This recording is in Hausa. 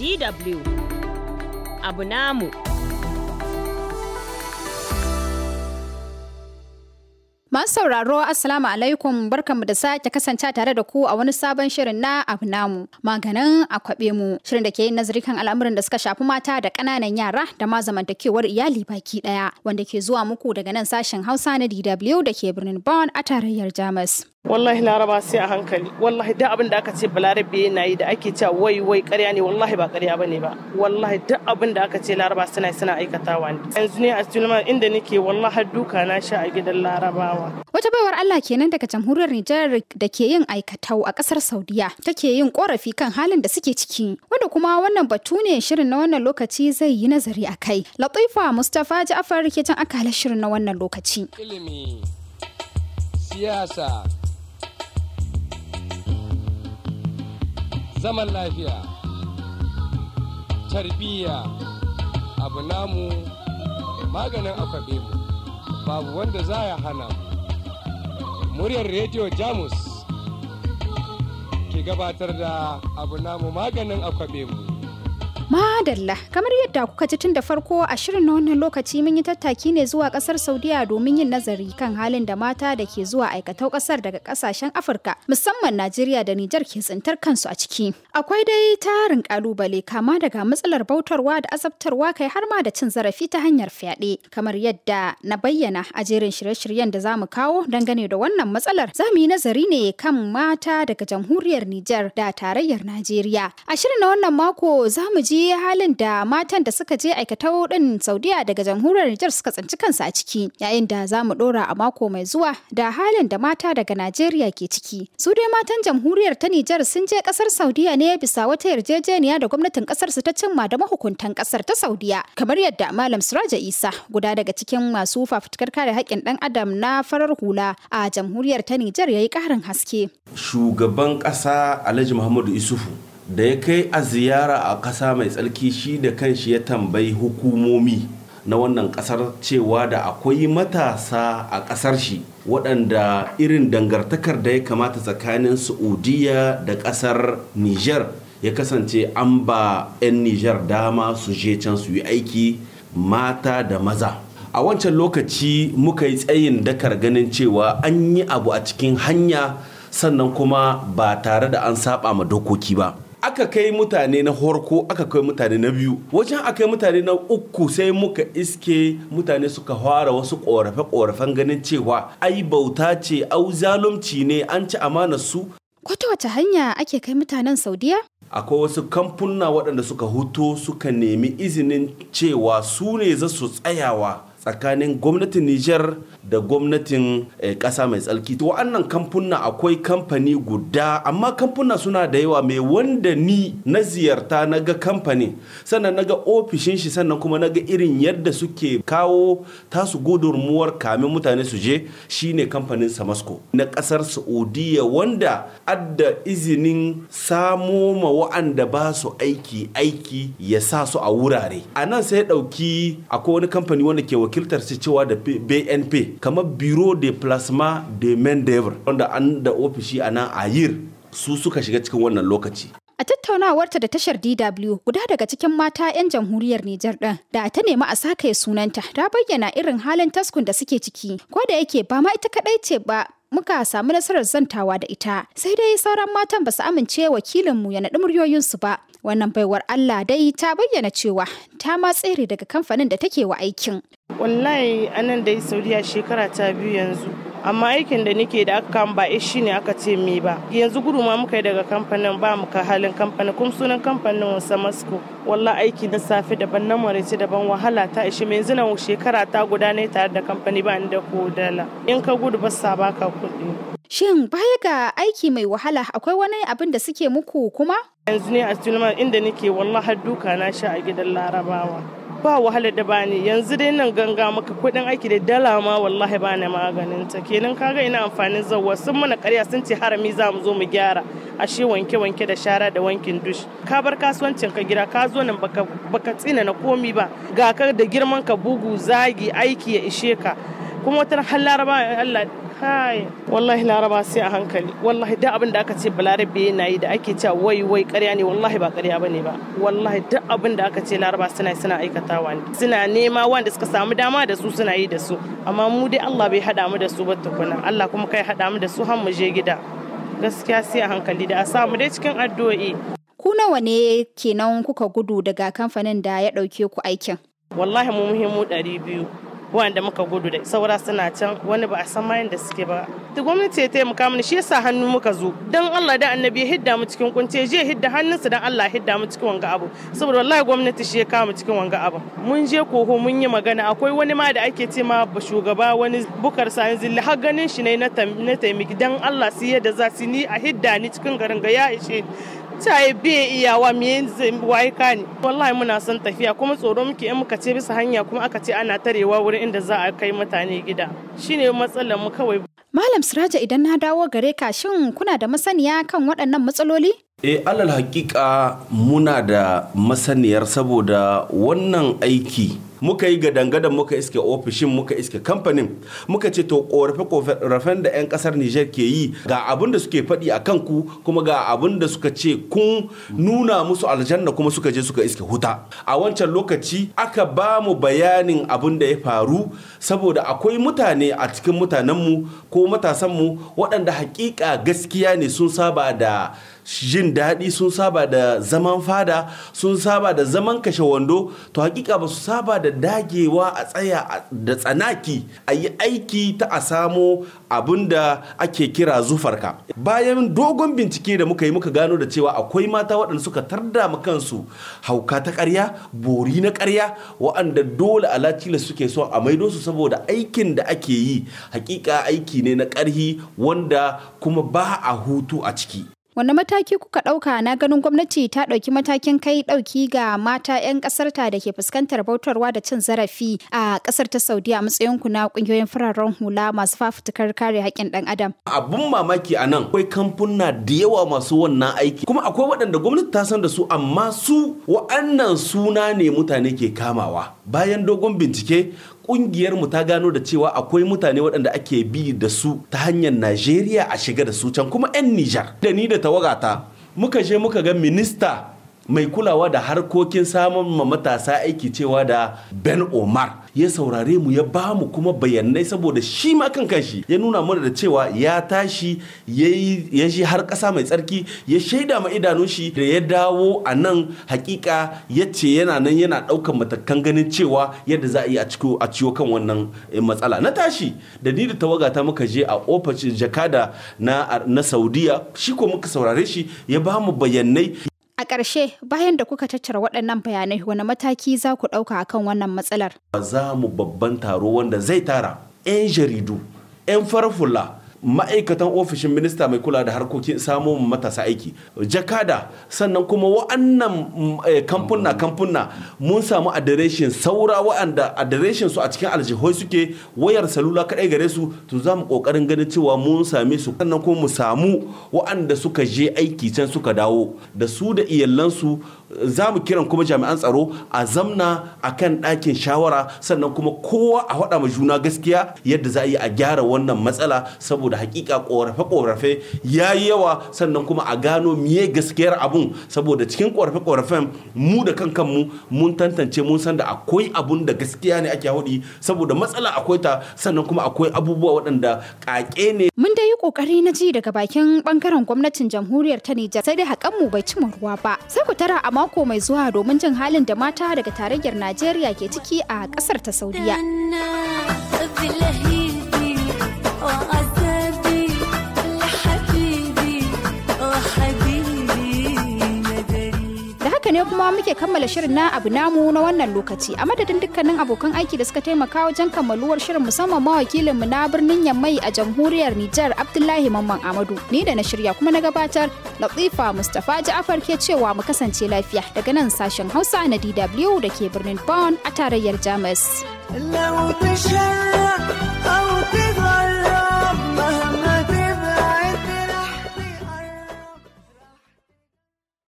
DW. Abu namu. Masu sauraro Assalamu alaikum barkanmu da sake kasance tare da ku a wani sabon shirin na abu namu maganin a kwabe mu shirin da ke yin nazari kan al'amuran da suka shafi mata da kananan yara da ma zamantakewar iyali baki daya wanda ke zuwa muku daga nan sashen Hausa na DW da ke birnin bon a tarayyar Jamus. wallahi laraba sai a hankali wallahi duk abin da aka ce balarabe na yi da ake cewa wai wai karya ne wallahi ba karya bane ba wallahi duk abin da aka ce laraba suna aikatawa ne yanzu ne a inda nake wallahi duka na sha a gidan larabawa Wata baiwar Allah kenan daga jamhuriyar Nijar da ke yin aikatau a kasar Saudiya take yin korafi kan halin da suke ciki wanda kuma wannan batu ne shirin na wannan lokaci zai yi nazari a kai. Latifa Mustapha Ja'far ke can akalar shirin na wannan lokaci. Ilimi, siyasa, zaman lafiya, tarbiyya, abu namu maganin akwabe mu babu wanda za ya hana mu. muryar rediyo jamus ke gabatar da abu namu maganin akwabe mu Madalla, kamar yadda kuka ji tun da farko a shirin na wannan lokaci mun yi tattaki ne zuwa kasar Saudiya domin yin nazari kan halin da mata da ke zuwa aikatau kasar daga kasashen Afirka, musamman Najeriya da Nijar ke tsintar kansu a ciki. Akwai dai tarin kalubale kama daga matsalar bautarwa da azabtarwa kai har ma da cin zarafi ta hanyar fyaɗe. Kamar yadda na bayyana a jerin shirye-shiryen da za mu kawo dangane da wannan matsalar, za mu yi nazari ne kan mata daga jamhuriyar Nijar da tarayyar Najeriya. A shirin na wannan mako za mu ji halin da matan da suka je aikatau din Saudiya daga jamhuriyar Nijar suka tsinci kansu a ciki yayin da za mu dora a mako mai zuwa da halin da mata daga Najeriya ke ciki. Su dai matan jamhuriyar ta Nijar sun je kasar Saudiya ne bisa wata yarjejeniya da gwamnatin kasar su ta cimma da mahukuntan kasar ta Saudiya kamar yadda Malam Suraja Isa guda daga cikin masu fafutukar kare haƙƙin ɗan adam na farar hula a jamhuriyar ta Nijar yayi ƙarin haske. Shugaban ƙasa Alhaji Muhammadu Isufu da ya kai a ziyara a ƙasa mai tsarki shi da kanshi ya tambayi hukumomi na wannan ƙasar cewa da akwai matasa a ƙasar shi waɗanda irin dangartakar da ya kamata tsakanin saudiya da ƙasar niger ya kasance an ba 'yan niger dama su je can su yi aiki mata da maza a wancan lokaci muka yi tsayin dakar ganin cewa an yi abu a cikin hanya sannan kuma ba tare da an saba ma dokoki ba aka kai mutane na horko aka kai mutane na biyu wajen aka kai mutane na uku sai muka iske mutane suka fara wasu korafe-korafen ganin cewa ai bauta ce au zalunci ne an ci amana su kwata wata hanya ake kai mutanen saudiya akwai wasu kamfuna waɗanda suka huto suka nemi izinin cewa su ne za su tsayawa tsakanin gwamnatin Nijar da gwamnatin eh, ƙasa mai tsarki. To wannan kamfuna akwai kamfani guda amma kamfuna suna da yawa mai wanda ni na ziyarta na ga kamfani sannan na ga ofishin shi sannan kuma na ga irin yadda suke kawo tasu gudunmuwar kamin mutane su je shine kamfanin samasko. na ƙasar Saudiya wanda adda izinin samo ma wa'anda ba su aiki aiki ya sa su a wurare. A nan sai ɗauki akwai wani kamfani wanda ke wakiltar su cewa da bnp kamar biro de plasma de main d'oeuvre wanda an da ofishi a nan a yir su suka shiga cikin wannan lokaci A tattaunawarta da tashar DW guda daga cikin mata 'yan jamhuriyar Nijar ɗin da ta nemi a saka ya sunanta ta bayyana irin halin taskun da suke ciki ko da yake ba ma ita kaɗai ce ba muka samu nasarar zantawa da ita sai dai sauran matan ba su amince wakilinmu ya naɗi muryoyinsu ba wannan baiwar Allah dai ta bayyana cewa ta ma tsere daga kamfanin da take wa aikin wallahi anan dai saudiya shekara ta biyu yanzu amma aikin da nike da aka kama ba eh shi ne aka ce me ba yanzu gudu ma muka yi daga kamfanin ba mu ka halin kamfanin kuma sunan kamfanin wasa masko wallahi aiki na safe daban na marace daban wahala ta ishe mai zina shekara ta guda tare da kamfani ba ni da kodala in ka gudu ba sa baka kuɗi Shin baya ga aiki mai wahala akwai wani abin da suke muku kuma? Yanzu ne a Sulman inda nake wallahi har duka na sha a gidan Larabawa. Ba wahala da bani yanzu dai nan ganga maka kuɗin aiki da dala ma wallahi ba ni maganin ta kenan ga ina amfanin zawwa sun mana karya sun ce harami za mu zo mu gyara ashe wanke wanke da shara da wankin dush ka bar kasuwancin ka gida ka zo nan baka baka tsina na komi ba ga ka da girman ka bugu zagi aiki ya ishe ka kuma wata har laraba Allah kai wallahi laraba sai a hankali wallahi da abin da aka ce balarabe na yi da ake cewa wai wai ƙarya ne wallahi ba ƙarya ne ba wallahi duk abin da aka ce laraba suna suna aikatawa ne suna nema wanda suka samu dama da su suna yi da su amma mu dai Allah bai hada mu da su ba tukuna Allah kuma kai hada mu da su har mu je gida gaskiya sai a hankali da a samu dai cikin addu'o'i ku nawa ne kenan kuka gudu daga kamfanin da ya ɗauke ku aikin wallahi mu muhimmu ɗari biyu wanda muka gudu da saura suna can wani ba a san ma da suke ba da gwamnati ya taimaka mana shi yasa hannu muka zo dan Allah da annabi hidda mu cikin kunce je hidda hannunsa dan Allah ya hidda mu cikin wanga abu saboda wallahi gwamnati shi ya kawo mu cikin wanga abu mun je koho mun yi magana akwai wani ma da ake ce ma shugaba wani bukar sani yanzu har ganin shi ne na taimaki dan Allah su yadda za su ni a hidda ni cikin garin ga ya ishe ta yi iyawa me yi wai ka ne wallahi muna son tafiya kuma tsoro muke in muka ce bisa hanya kuma aka ce ana tarewa wurin inda za a kai mutane gida shine matsalar mu kawai Malam Siraja idan na dawo gare ka shin kuna da masaniya kan waɗannan matsaloli? E alal hakika muna da masaniyar saboda wannan aiki muka yi ga dangadan muka iske ofishin muka iske kamfanin muka ce to korafe korafen da 'yan kasar Niger ke yi ga abin da suke faɗi a kanku kuma ga abin da suka ce kun nuna musu aljanna kuma suka je suka iske huta a wancan lokaci aka ba mu bayanin abin da ya faru saboda akwai mutane a cikin mutanenmu ko matasanmu waɗanda hakika gaskiya ne sun saba da jin daɗi sun saba da zaman fada sun saba da zaman kashe wando to hakika ba su saba da da dagewa a tsaya da tsanaki a yi aiki ta a samo abin da ake kira zufarka bayan dogon bincike da muka yi muka gano da cewa akwai mata waɗanda suka tarda kansu hauka ta ƙarya bori na ƙarya waɗanda dole alacila suke so a maido su saboda aikin da ake yi hakika aiki ne na ƙarhi wanda kuma ba a hutu a ciki Wani mataki kuka ɗauka na ganin gwamnati ta ɗauki matakin kai ɗauki ga mata 'yan ƙasarta da ke fuskantar bautarwa da cin zarafi a kasar ta Saudiya a matsayin ku na ƙungiyoyin fararen hula masu fafutukar kare haƙƙin ɗan adam. Abun mamaki a nan akwai kamfuna da yawa masu wannan aiki kuma akwai waɗanda gwamnati ta san da su amma su wa'annan suna ne mutane ke kamawa bayan dogon bincike kungiyar mu ta gano da cewa akwai mutane waɗanda ake bi da su ta hanyar Najeriya a shiga da su can kuma 'yan Nijar da ni da ta tawagata muka je muka ga minista mai kulawa da harkokin samun ma matasa aiki cewa da ben omar ya saurare mu ya ba mu kuma bayanai saboda shi ma kan kanshi ya nuna mana da cewa ya tashi ya shi har ƙasa mai tsarki ya shaida ma idanun shi da ya dawo a nan hakika ya ce yana nan yana ɗaukan matakan ganin cewa yadda za a yi a ciwo kan wannan eh, matsala na tashi da ni da tawaga ta muka je a ofishin jakada na saudiya shi ko muka saurare shi ya ba mu bayanai ƙarshe bayan da kuka tattara waɗannan bayanai wani mataki za ku ɗauka akan wannan matsalar. Za mu babban taro wanda zai tara 'yan jaridu, 'yan farfula, ma'aikatan ofishin minista mai kula da harkokin samo matasa aiki jakada sannan kuma wa'annan eh, kamfuna kamfuna mun samu adireshin saura wa'anda adireshin su a cikin aljihoi suke wayar salula kadai gare su to za mu kokarin ganin cewa mun same su sannan kuma mu samu wa'anda suka je aiki can suka dawo da su da iyalansu za mu kiran kuma jami'an tsaro a zamna a kan ɗakin shawara sannan kuma kowa a haɗa ma juna gaskiya yadda za a yi a gyara wannan matsala saboda hakika ƙorafe-ƙorafe ya yi yawa sannan kuma a gano miye gaskiyar abun saboda cikin ƙorafe-ƙorafen mu da kan kanmu mun tantance mun san da akwai abun da gaskiya ne ake haɗi saboda matsala akwai ta sannan kuma akwai abubuwa waɗanda ƙaƙe ne. Mun dai yi ƙoƙari na ji daga bakin ɓangaren gwamnatin jamhuriyar ta Nijar sai dai mu bai ci ruwa ba. Sai ku tara a mako mai zuwa domin jin halin da mata daga tarayyar Najeriya ke ciki a ƙasar ta Saudiya. haka ne kuma muke kammala shirin na abu namu na wannan lokaci a madadin dukkanin abokan aiki da suka taimaka wajen kammaluwar shirin musamman mawakilin mu na birnin yammai a jamhuriyar Nijar Abdullahi Mamman Amadu ni da na shirya kuma na gabatar Latifa Mustafa Ja'afar ke cewa mu kasance lafiya daga nan sashen Hausa na DW da ke birnin Bonn a tarayyar Jamus.